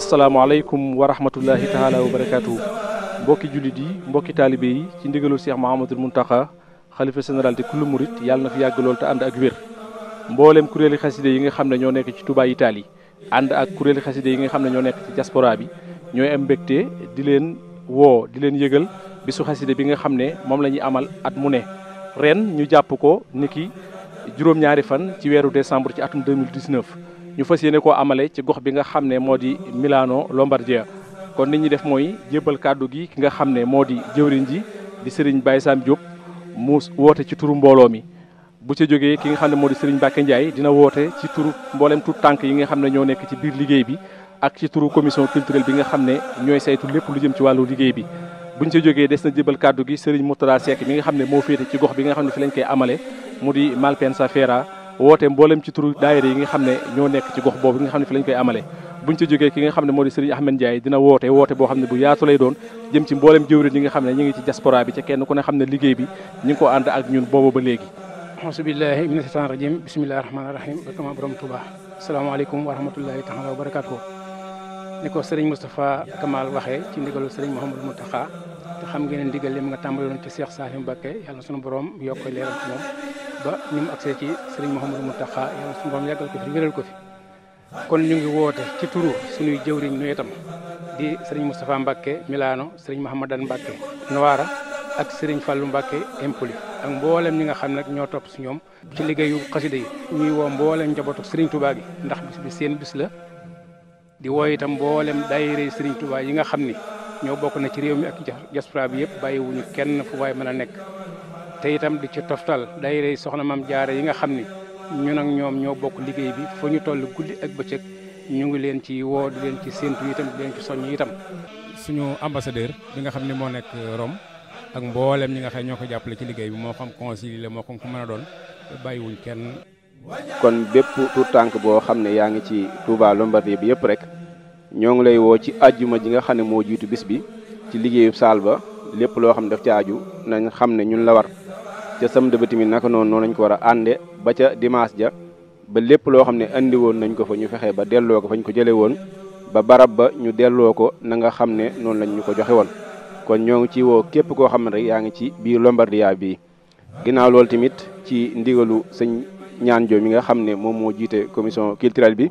asalaamaaleykum wa rahmatullahi taala wa barakaatu mbokki jullit yi mbokki taalibe yi ci ndigalul Cheikh Mahamadul Muntaxa xalifa général di kullu murit yàlla na fi yàgg lool te ànd ak wér mbooleem kuréeli xaside yi nga xam ne ñoo nekk ci tubaay Touba Italie ànd ak kuréeli xaside yi nga xam ne ñoo nekk ci diaspora bi ñooy am mbégte di leen woo di leen yëgal bisu xaside bi nga xam ne moom la ñuy amal at mu ne ren ñu jàpp ko niki juróom-ñaari fan ci weeru décembre ci atum 2019 ñu fas yéene ko amale ci gox bi nga xam ne moo di milaano Lombardia kon nit ñi def mooy jébbal kàddu gi ki nga xam ne moo di jëwriñ ji di Serigne Baye Sam Diop mu woote ci turu mbooloo mi bu ca jógee ki nga xam ne moo di Serigne Mbacke Ndiaye dina woote ci turu mboolem tout tànk yi nga xam ne ñoo nekk ci biir liggéey bi ak ci turu commission culturelle bi nga xam ne ñooy saytu lépp lu jëm ci wàllu liggéey bi buñ ci jógee des na jébal kàddu gi Serigne Mourtada Seck mi nga xam ne moo féete ci gox bi nga xam ne fi lañ koy amale mu di Malpensa Fera woote mboolem ci turu daayira yi nga xam ne ñoo nekk ci gox boobu nga xam ne fi lañ koy amale buñ ci jógee ki nga xam ne moo di Serigne Ahmed Ndiaye dina woote woote boo xam ne bu yaatu lay doon jëm ci mboolem jëwriñ yi nga xam ne ñu ngi ci diaspora bi ca kenn ku ne xam ne liggéey bi ñu ngi ko ànd ak ñun boobu ba léegi ahasubillahi mina shaytaan rajim bismillahi rahmaani rahim barkama borom Tuuba asalaamaaleykum wa rahmatullahi taala wa barakatuh ni ko sëriñ Moustapha Kamal waxee ci ndigalu sëriñ Mouhamadou Mountakha te xam ngeen ne ndigal li mu nga tàmbali woon ci Cheikh Salim Mbacké yàlla na sunu borom yokk leeral ci moom ba ni mu agsee ci sëriñ Mouhamadou Mountakha yàlla sunu borom yàggal ko fi wéral ko fi kon ñu ngi woote ci turu suñuy jëwriñ itam di sëriñ Moustapha Mbacké Milano sëriñ Mahamadan Mbacké Noara ak sëriñ Fallou Mbacké Impoli ak mboolem ni nga xam nag ñoo topp si ñoom ci liggéeyu xasida yi ñuy woo mboolem njabootu sëriñ Touba gi ndax bis bi seen bis la di wooy itam mboolem daayira Serigne Touba yi nga xam ni ñoo bokk na ci réew mi ak diaspora bi yëpp bàyyiwuñu kenn fu waay mën a nekk te itam di ci toftal daayira soxna mam Jaara yi nga xam ni ñun ak ñoom ñoo bokk liggéey bi foo ñu toll guddi ak bëccëg ñu ngi leen ci woo di leen ci séentu itam di leen ci soññ itam. suñu ambassadeur bi nga xam ni moo nekk Rome ak mboolem ñi nga xam ñoo ko jàppale ci liggéey bi moo xam conseil la moo xam ku mën a doon bàyyiwuñ kenn. kon bépp tuut tànk boo xam ne yaa ngi ci Touba Lombardie bi yëpp rek ñoo ngi lay woo ci ajjuma ji nga xam ne moo jiitu bis bi ci liggéeyu saal ba lépp loo xam ne daf ci aju nañ xam ne ñun la war ca samedi ba naka noonu noonu lañ ko war a ànde ba ca dimaas ja ba lépp loo xam ne andi woon nañ ko fa ñu fexe ba delloo ko fañ ko jëlee woon ba barab ba ñu delloo ko na nga xam ne noonu lañ ñu ko joxe woon kon ñoo ngi ci woo képp koo xam ne rek yaa ngi ci biir Lombardia bii loolu tamit ci ndigalu sëñ ñaan joo mi nga xam ne moom moo jiite commission culturelle bi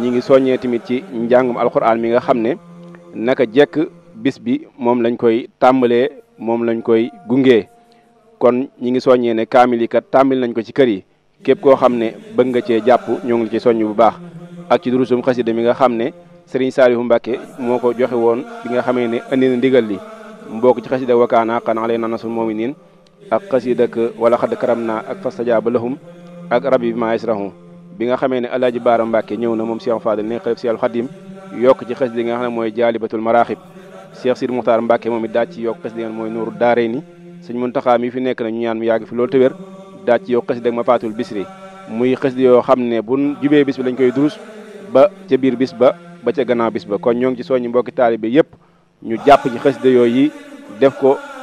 ñi ngi soññee tamit ci njàngum alxuraan mi nga xam ne naka jekk bis bi moom lañ koy tàmbalee moom lañ koy gungee kon ñi ngi soññee ne kaamil yi kat tàmbali nañ ko ci kër yi képp koo xam ne bëgg nga cee jàpp ñoo ngi ci soññ bu baax ak ci durusum xasida mi nga xam ne sëriñ Saalihu Mbàkke moo ko joxe woon bi nga xamee ne andi na ndigal li mbokk ci xasida wakaana xanaa lay nanasul moominiin ak xasida wala xadd karam naa ak fastajaaba ak rabi bi maa yasrahu bi nga xamee ne alaaji baara mbàkke ñëw na moom Cheikh Fadil ne xalif Cheikh Khadim yokk ci xasida nga xam ne mooy jaalibatul maraaxib Cheikh Sidi Muxtaar Mbàkke moom it daa ci yokk xasida mooy nuuru daaree ni sëñ Muntaxa mi fi nekk na ñu ñaan mu yàgg fi loolu te wér ci yokk xasida ak ma faatul bisri muy xasida yoo xam ne bu jubee bis bi lañ koy durus ba ca bis ba ba ca gannaaw bis ba kon ñoo ngi ci soññi mbokki taalibe yëpp ñu jàpp ci xasida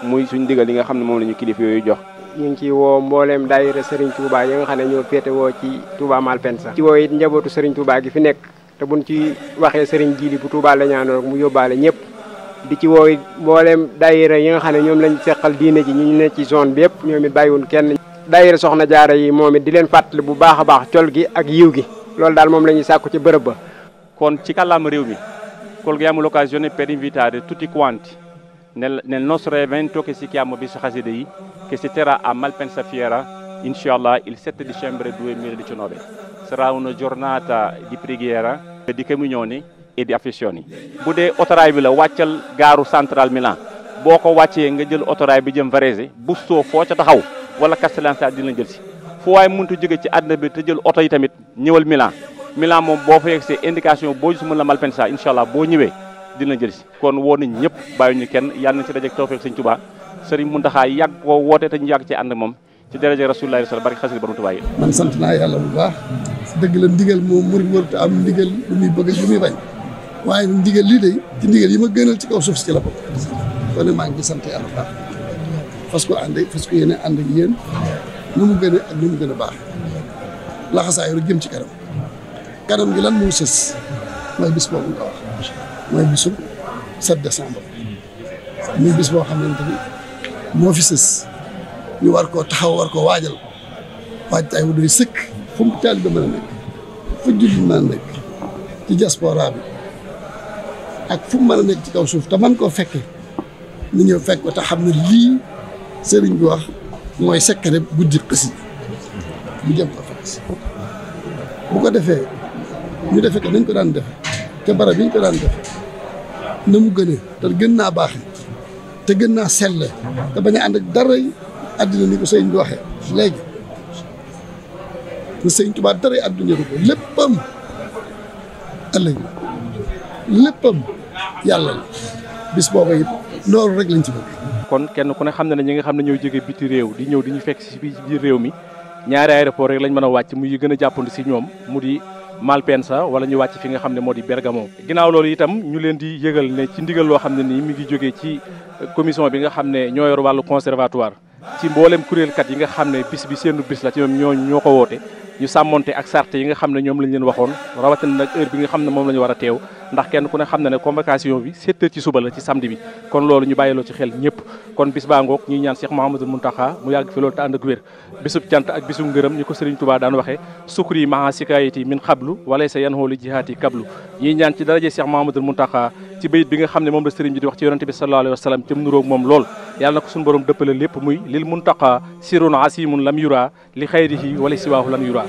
muy suñ digal yi nga xam ne moom la ñu kilifa yooyu jox ñu ngi ci woo mbooleem daayira Serigne Touba yi nga xam ne ñoo féete woo ci Touba Malpensa ci woo it njabootu Serigne Touba gi fi nekk te bu buñ ci waxee Serigne Jili bu Touba la ñaanoo rek mu yóbbaale ñëpp di ci woo it mbooleem daayira yi nga xam ne ñoom lañ seqal diine ji ñu ne ci zone bi yëpp ñoom it bàyyiwun kenn daayira soxna jaara yi moom it di leen fàttali bu baax a baax col gi ak yiw gi lool daal moom la ñuy sàkku ci bërëb ba kon ci kàllaama réew mi colghiamo l'occasione per invitare tutti quanti nel, nel nostro evento che si chiama Bisu Haside che si terrà a Malpensa Fiera inshallah il 7 dicembre 2019 sarà una giornata di preghiera di comunioni e di affezioni bu dee autorail bi la wàccal gaaru central Milan boo ko wàccee nga jël autorail bi jëm Varese bu soo foo ca taxaw wala Castellanza dina jël si foo waaye muntu jóge ci àddina bi te jël oto yi tamit ñëwal Milan Milan moom boo fa yegsee indication boo gis mën la Malpensa inshallah boo ñëwee dina jël si kon wo nit ñëpp bayu ñu kenn yalla na ci dajeeg tawfik sëñ touba sëriñ Muntaxa yag ko wote te ñu yàgg ci and mom ci rasulullah sallallahu alaihi wasallam xasir borom Tuubaa yi man sant na yalla bu baax deug la ndigal mo murid warut am ndigal lu muy bëgg lu muy bañ waaye ndigal li de ci ndigal yi ma gënal ci kaw suuf ci la bokk kon ma ngi sant yalla bu baax fas ko ande fas ko yene ande ak yéen nu mu gën ak nu mu gën baax la xassay rek jëm ci karam karam gi lan mo sës may bis bobu nga wax mooy bisu 7 décembre muy bis boo xamante ni moo fi sës ñu war koo taxaw war koo waajal waajtaay wu doy sëkk fu mu taalibe mën a nekk fu jullit mën a nekk ci diaspora bi ak fu mu mën a nekk ci kaw suuf te man koo fekkee ni ñëw fekk ko te xam ne lii sëriñ bi wax mooy sekkare guddi xasida bu jëm ko fekk si bu ko defee ñu defe ko nañ ko daan def te barab yi ko daan defe na mu gënee te gën naa baaxe te gën naa selle te bañ a ànd ak dara yi àddina ni ko sëñ bi léegi na sëñ Tuubaa dara yi àddina ko léppam ëllëg léppam yàlla la bis booba it loolu rek lañ ci bëgg. kon kenn ku ne xam na ne ñi nga xam ne ñoo jógee biti réew di ñëw di ñu fekk si biir réew mi ñaari aéroport rek lañ mën a wàcc mu yi gën a jàppandi si ñoom mu di. Malpensa wala ñu wàcc fi nga xam ne moo di Bergamo. ginnaaw loolu itam ñu leen di yëgal ne ci ndigal loo xam ne nii mi ngi jógee ci euh, commission bi nga xam ne ñoo yor wàllu conservatoire ci mboolem kuréelkat yi nga xam ne bis bi seenu bis la ci ñoom ñoo ñoo ko woote. Yusam samonté ak sarté yi nga xamné ñom ñoom lañ leen waxoon rawatina nak heure bi nga xamné mom moom wara ñu ndax kenn ku ne xamné convocation bi 7 h ci suba la ci samedi bi kon loolu ñu bàyyiloo ci xel ñëpp kon bis ngok ngoog ñaan Cheikh mohammed muntaha mu yag fi loolu ta and ak wër bisub tiant ak bisub Serigne Touba daan waxé sukri ma sikayati min qablu wala sayan holi jihati jihaati kablu ñuy ñaan ci daraje Cheikh mohammed muntaha ci bayit bi nga xamné mom la Serigne bi di wax ci yaronte bi sallallahu alayhi wasallam sallam nuro mom lool yalla nako sun borom deppele lepp muy lil muntaqa sirun asimun lam yura li xayrihi wala lam yura